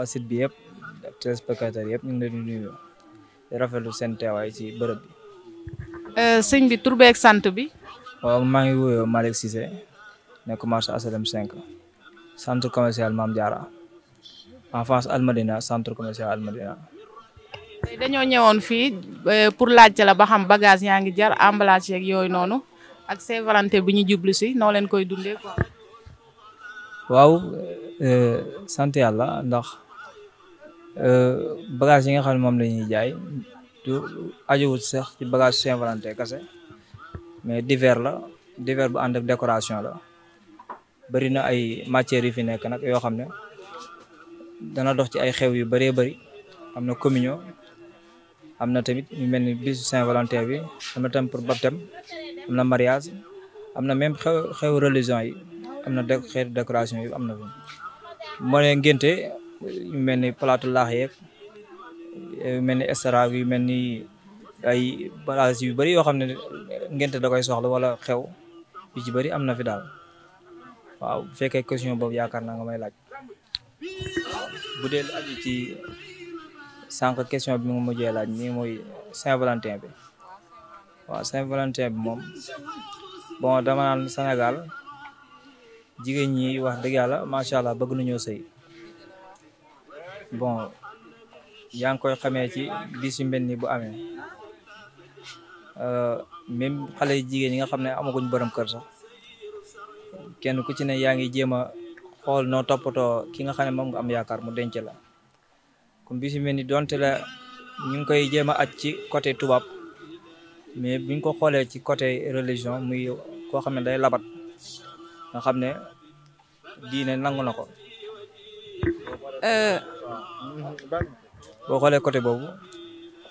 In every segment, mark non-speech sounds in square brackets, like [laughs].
waa site bi yëpp ak téléspectateurs yëpp ñu ngi leen di nuyu di rafetlu seen teewaay ci bërëb bi. Euh, sëñ bi tur beeg sant bi. waaw maa ngi wuyoo Malick Cissé nekk marché HLM 5 centre commercial Mame Diarra en face Almadina centre commercial Almadina. dañoo ñëwoon fii euh, pour laajte la ba xam bagage yaa ngi jar emballage yeeg yooyu noonu ak Saint-Valentin bi ñu jublu si noo leen koy dundee quoi. waaw euh, sant yàlla ndax. Euh, bagage yi nga xam ne moom la ñuy jaay du ajowut sax ci bagage Saint-Valentin kase mais divers la divers bu ànd ak décoration la bëri na ay matières yu fi nekk nag yoo xam ne dana dox ci ay xew yu bëree bëri am na communion am na tamit ñu mel ni bisu Saint-Valentin bi am na tam pour baptême am na mariage am na même xew xew religion yi am na xeetu décoration yi am na fi moo yu mel ni palaatu laax yeeg yu mel ni estaraag yu mel ni ay balaas yu bari yoo xam ne ngente da koy soxla wala xew yu ci bari am na fi daal waaw bu fekkee question boobu yaakaar na nga may laaj bu dee lu aju ci sànq question bi nga mujjee laaj nii mooy Saint-Valentin bi waaw Saint-Valentin bi moom bon dama naan Sénégal jigéen ñi wax dëgg yàlla macha allah bëgg nañoo sëy bon yaa ngi koy xamee ci bis yu mel nii bu amee euh, même xale jigéen ñi nga xam ne amaguñ borom kër sax kenn ku ci ne yaa ngi jéem a xool noo toppatoo ki nga xam ne moom nga am yaakaar mu denc la comme bis yu mel ni donte la ñu ngi koy jéem a aj ci côté tubaab mais buñ ko xoolee ci côté religion muy koo xam ne day labat nga xam ne diine nangu na ko Euh, boo xoolee côté boobu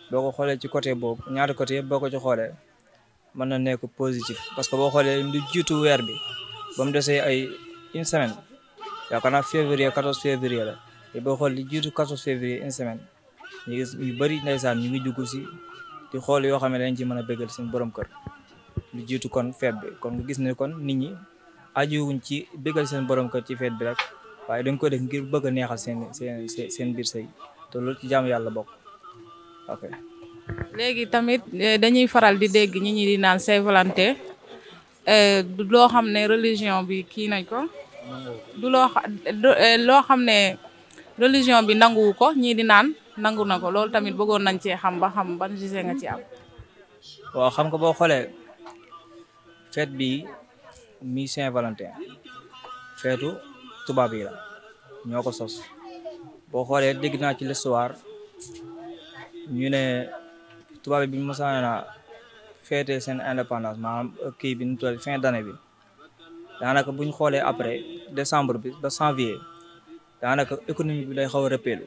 boo ko xoolee ci côté boobu ñaari côté boo ko ci xoolee mën na nekk positif parce que boo xoolee lu jiitu weer bi ba mu desee ay une semaine yaakaar naa février 14 février la te boo xool li jiitu 14 février une semaine ñu yu bëri ndeysaan ñu ngi dugg si di xool yoo xam ne dañ ci mën a bëggal seen borom kër lu jiitu kon feet bi kon nga gis ne kon nit ñi ajuwuñ ci bëggal seen borom kër ci feet bi rek waaye dañ ko def ngir bëgg a neexal seen seen seen biir sëy te loolu ci jaamu yàlla bokk léegi tamit eh, dañuy faral di dégg ñi ñi di naan Saint-Valentin eh, loo xam ne religion bi kii nañ ko. du eh, loo xam ne religion bi nanguwu ko ñii di naan nangu na ko loolu tamit bëggoon nañ cee xam ba xam ban gisee nga ci am. waaw xam nga boo xoolee fête bi mi Saint-Valentin feetu tubaab yi la ñoo ko sos boo xoolee dégg naa ci l'histoire ñu ne tubaab yi bi ñu mosaan a féete seen indépendance maanaam kii bi ñu tuddee fin d'année bi daanaka bu ñu xoolee après décembre bi ba janvier daanaka économie bi day xaw a rëppeelu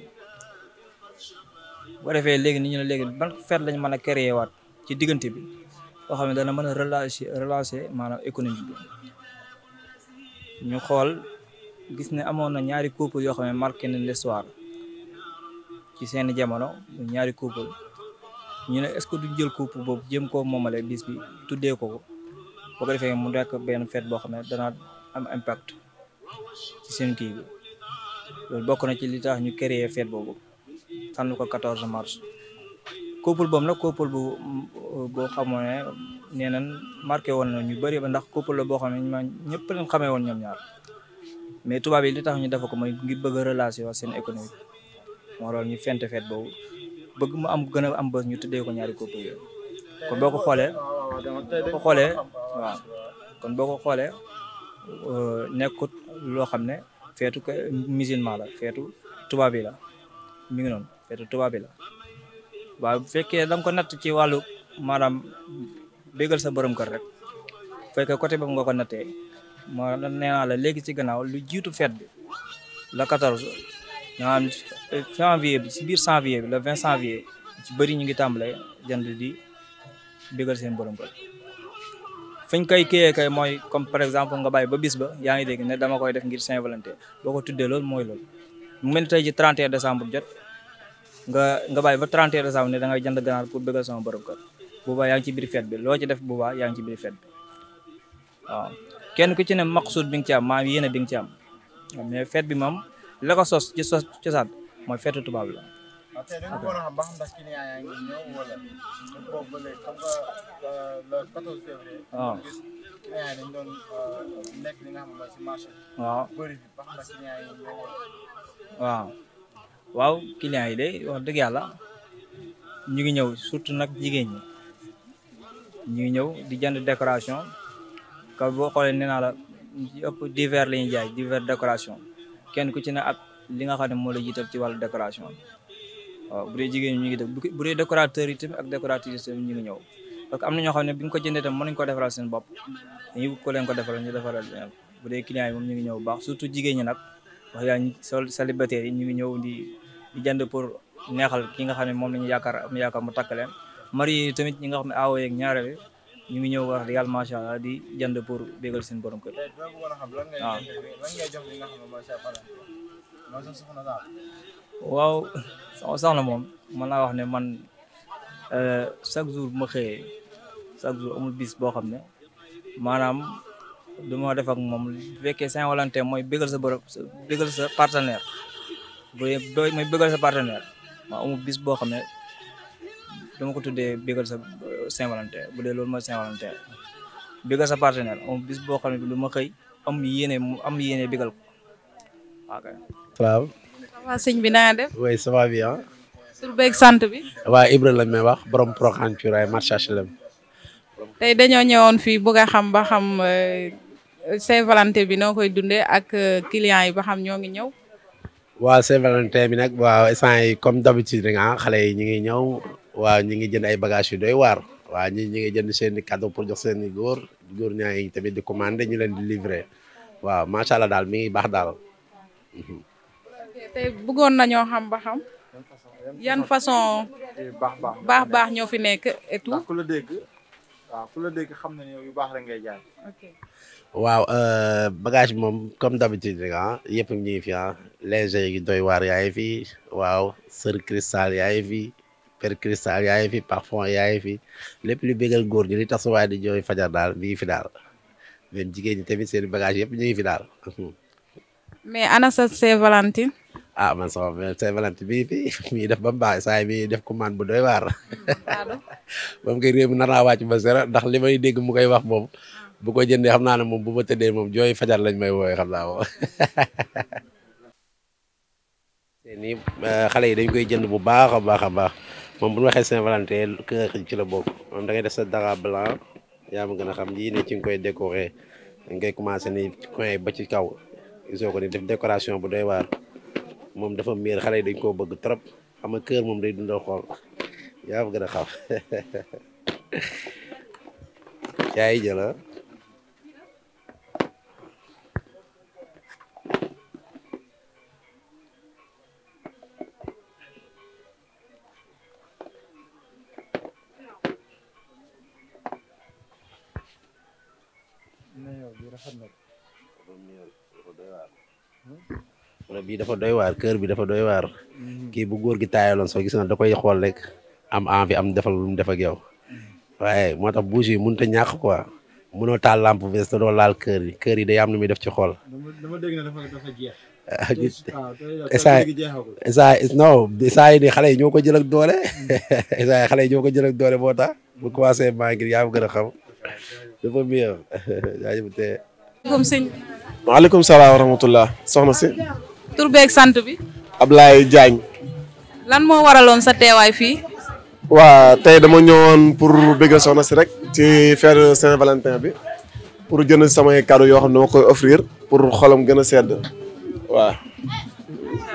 defee léegi ni ñu ne fête lañ mën a créer waat ci diggante bi boo xam ne dana mën a relancer relancer maanaam économie bi ñu xool gis ne amoon na ñaari couple yoo xam ne marqué nañ l'histoire ci seeni jamono ñaari couple ñu ne est du jël couple boobu jëm koo moomale bis tuddee ko ko boo ko defee mu nekk benn fête boo xam ne danaa am impact seen kii bi bokk na ci li ñu créer fête boobu tànn ko 14 mars couple boobu nag couple bu boo xamoo ne nee nañ woon na ñu bëri ba ndax couple la boo xam ne ñëpp lañ xamee woon ñoom ñaar mais tubaab yi li tax ñu def ko mooy ngir bëgg a relation ak seen économie moo waral ñu fente feet boobu bëgg mu am gën a am bës ñu tuddee ko ñaari coupe yooyu boo ko xoolee. boo ko xoolee waaw boo ko xoolee euh, nekkut loo xam ne feetu ko musulman la feetu tubaab yi la mi ngi feetu tubaab yi la waaw bu fekkee da nga ko natt ci wàllu maanaam bégal sa borom kër rek fekkee côté boobu nga ko nattee. moo nee naa la léegi ci gannaaw lu jiitu fête bi la quatorze maanaam janvier bi si biir janvier bi le vingt janvier ci bëri ñu ngi tàmbale jënd di bégal seen borom kër fañ koy kiyee kay mooy comme par exemple nga bàyyi ba bis ba yaa ngi dégg ne dama koy def ngir Saint-Valentin boo ko tuddee loolu mooy loolu mu mel ni tey ji 31 décembre jot nga nga bàyyi ba 31 décembre ne da ngay jënd ganaar pour bégal sama borom kër boobaa yaa ngi ci biir fête bi loo ci def boobaa yaa ngi ci biir fête kenn ku ci ne maqsuud bi nga ci am maam yéene bi nga ci bi moom la ko cosaan mooy fête tubaab la. waaw ah, tey dañu yi de wax dëgg yàlla ñu ngi ñëw surtout nag jigéen ñi ñu ngi ñëw di jënd décoration. ka boo xoolee nee naa la ëpp divers la kenn ku ci ne ak li nga xam ne moo la jiital ci wàllu jigéen ñi ñu ngi def bu dee décorateur yi tamit ak décoratrice yi ñu ngi parce que am na ñoo ne bi ñu ko jëndee tam mën nañu ko defaral seen bopp dañuy wut ko leen ko defaral ñu defaral moom ñu ngi ñëw baax surtout jigéen ñi nag wax yaa sol célibataire yi ñu ngi ñëw di di neexal ki nga xam ne moom la ñu yaakaar am mu takk mari tamit ñi nga xam ne awo yeeg ñu ngi ñëw wax yàlla allah di jënd pour bégal seen borom kër. waaw. waaw sama soxna moom mën naa wax ne man euh, chaque jour bu ma xëyee chaque jour amul bis boo xam ne maanaam du ma def ak moom bu fekkee Saint-Valentin mooy bégal sa borom bégal sa partenaire bu mooy bégal sa partenaire ma amul bis boo xam ne ko tuddee bégal Saint-Valentin bu dee loolu mooy Saint-Valentin bégal sa partenaire am bis boo xam lu ma xëy am yéene am yéene bégal ko waaw kay. salaam. waaw bi naa def. oui ça va bien. tur beeg sant bi. waaw Ibra la may wax borom Proxan Cuuraay marché HLM. tey dañoo ñëwoon fii bëgg xam ba xam euh, Saint-Valentin bi noo koy dundee ak euh, clients yi ba xam ñoo ngi ñëw. waaw Saint-Valentin bi nag waaw instant ah, xale yi ñu ngi ñëw waaw ñu ngi doy waar. waaw ñi ñi ngi jënd seen i cadeau pour jox seeni góor góor ñaa yi tamit di commandé ñu leen di livrer waaw macha allah daal mi ngi baax daal. tey nañoo xam ba xam. yan façon baax baax ñoo fi nekk et tout. ku la dégg waaw ku la xam na ne yow yu euh, bagage moom comme d'habitude rek ah yëpp ñu ngi fi ah léger yi doy waar yaa fi waaw sër cristal yaa ngi fi. per cristal yaay ngi fi parfum yaa ngi fi lépp lu bégal góor ñi li tax su waay di jooy fajar daal mi fi daal même jigéen ñi tamit seen bagage yëpp ñu ngi fi daal. mais ana sa Saint-Valentin. ah man sama Saint-Valentin bi fi [laughs] mi def ba mu baax saay yi mi def commande bu doy waar. [laughs] moom kay réew mi nar naa wàcc ba sera ndax li may dégg mu koy wax moom. bu ko jëndee xam naa ne moom bu ma tëddee moom jooy fajar lañ may woowee xam naa moom. [laughs] Euh, xale yi dañ koy jënd bu baax a baax a baax. moom bu ñu waxee Saint-Valentin kër ci la bokk moom da def sa dara blanc yaa ma gën a xam yii ne ci nga koy décorer ngay commencé ni coin ba ci kaw gisoo ko ni def décoration bu doy waar moom dafa miir xale yi dañ koo bëgg trop xam nga kër moom day dundal xool yaa ma gën a xam [laughs] yaa jëla ah. problème bi dafa doy waar kër bi dafa doy waar. kii bu góor gi taayaloon soo gis na da koy xool rek am envie am defal lu mu def ak yow. waaye moo tax bougie yi mënut a ñàkk quoi mënoo taal lampe bi te doo laal kër yi kër yi day am lu muy def ci xol. dama dégg ne dafa dafa jeex. Ah, esaay esaay non esaay ni xale yi ñoo ko jël doole [laughs] esaay xale yi ñoo ko jël ak doole moo tax bu commencé a ngi yaa gën a xam dafa mieux [laughs] jaajëf te. maaleykum salaam wa tur beeg sant bi. ab Ablaye Diagne. lan moo waraloon sa teewaay fii. waa tey dama ñëwoon pour bëgg soxna si rek. ci fête Saint-Valentin bi. pour jënd samay cadeau yoo xam ne ma koy offrir pour xolam gën a sedd waaw.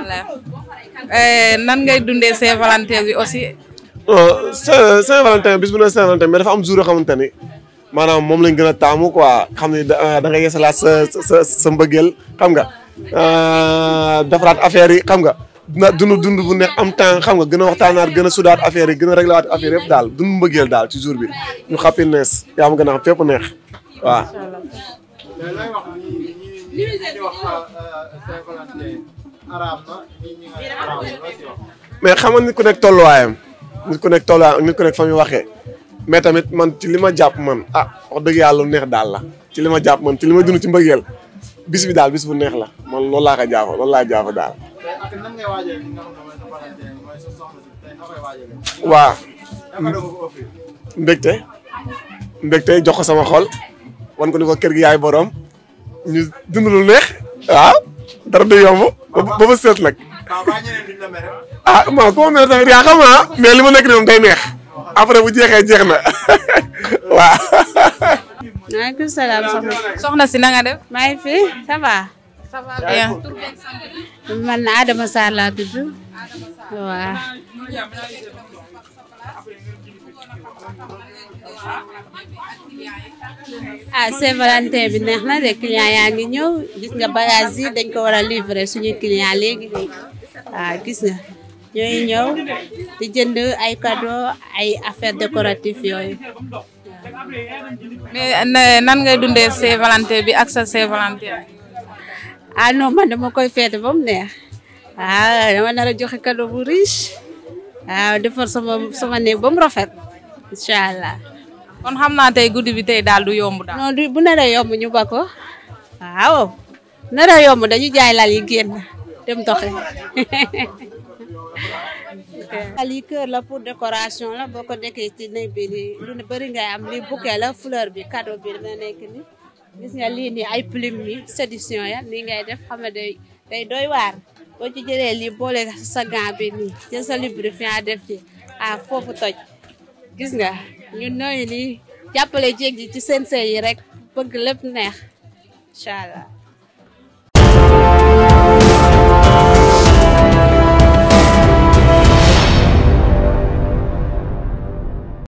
voilà eh, nan ngay dundee Saint-Valentin bi aussi. sa sa valentin bis bu ne Saint-Valentin mais dafa am jour yoo xamante ni maanaam moom lañ gën a taamu quoi xam ne da ah, nga sa sa sa xam nga. Euh, defaraat affaire yi xam nga na dund dund bu neex am temps xam nga gën a waxtaanaat gën a sudaat affaire yi gën a réglaat affaire yëpp daal dund mbëggeel daal ci jour bi ñu xàppi nees yaa ma gën a xam fépp mais xam nga nit ku nekk tolluwaayam nit ku nekk tolluwaayam nit ku nekk waxe muy mais tamit man ci li ma jàpp man ah wax dëgg yàlla neex daal la ci li ma jàpp man ci li ma dund ci mbëggeel bis daal bis bu neex la man loolu laa ko loolu laa jaaxoo daal. waa mbégte mbégte jox ko sama xol wan ko ni ko kër gi yaay borom ñu dund neex waaw ah, dara du yomb ba ba seet nag. ah ma ko ma tamit yaa xam ah. mais li ma nekk nii moom day neex après bu jeexee jeex na [laughs] waaw. [laughs] maaleykum salaam soxna si. soxna def. maa ngi fi ça va. ça va bien. man Adama Sarr laa tudd. waaw. ah Saint-Valentin bi neex na de client yaa ngi ñëw gis nga bagage dañ ko war a livrer suñu client léegi léegi ah, waaw gis nga ñooy ñëw di jënd ay cadeau ay affaires décoratives yooyu. mais euh, nan ngay dundee Saint-Valentin bi ak sa Saint-Valentin. ah non man dama koy feete ba mu neex ah dama nar joxe cadeau bu riche ah defar sama sama néeg ba mu rafet incha allah. kon xam naa tey guddi bi tey daal du yomb daal. non du bu nar yomb ñu ba ko waaw nar yomb dañu jaay lal yi génn dem doxee. [laughs] lii kër la pour décoration la boo ko nekkee ci néeg bi nii lu ngay am ni bouquet la fuleur bi cadeau bi dina nekk ni gis nga lii nii ay plume yi séduction ya nii ngay def xam ne day day doy waar boo ci jëlee lii boole sa gant bi nii jël sa lubrifiant def ci a ah, foofu toj gis nga ñu nooyu nii jàppale jéeg ji ci seen sëy yi rek bëgg lépp neex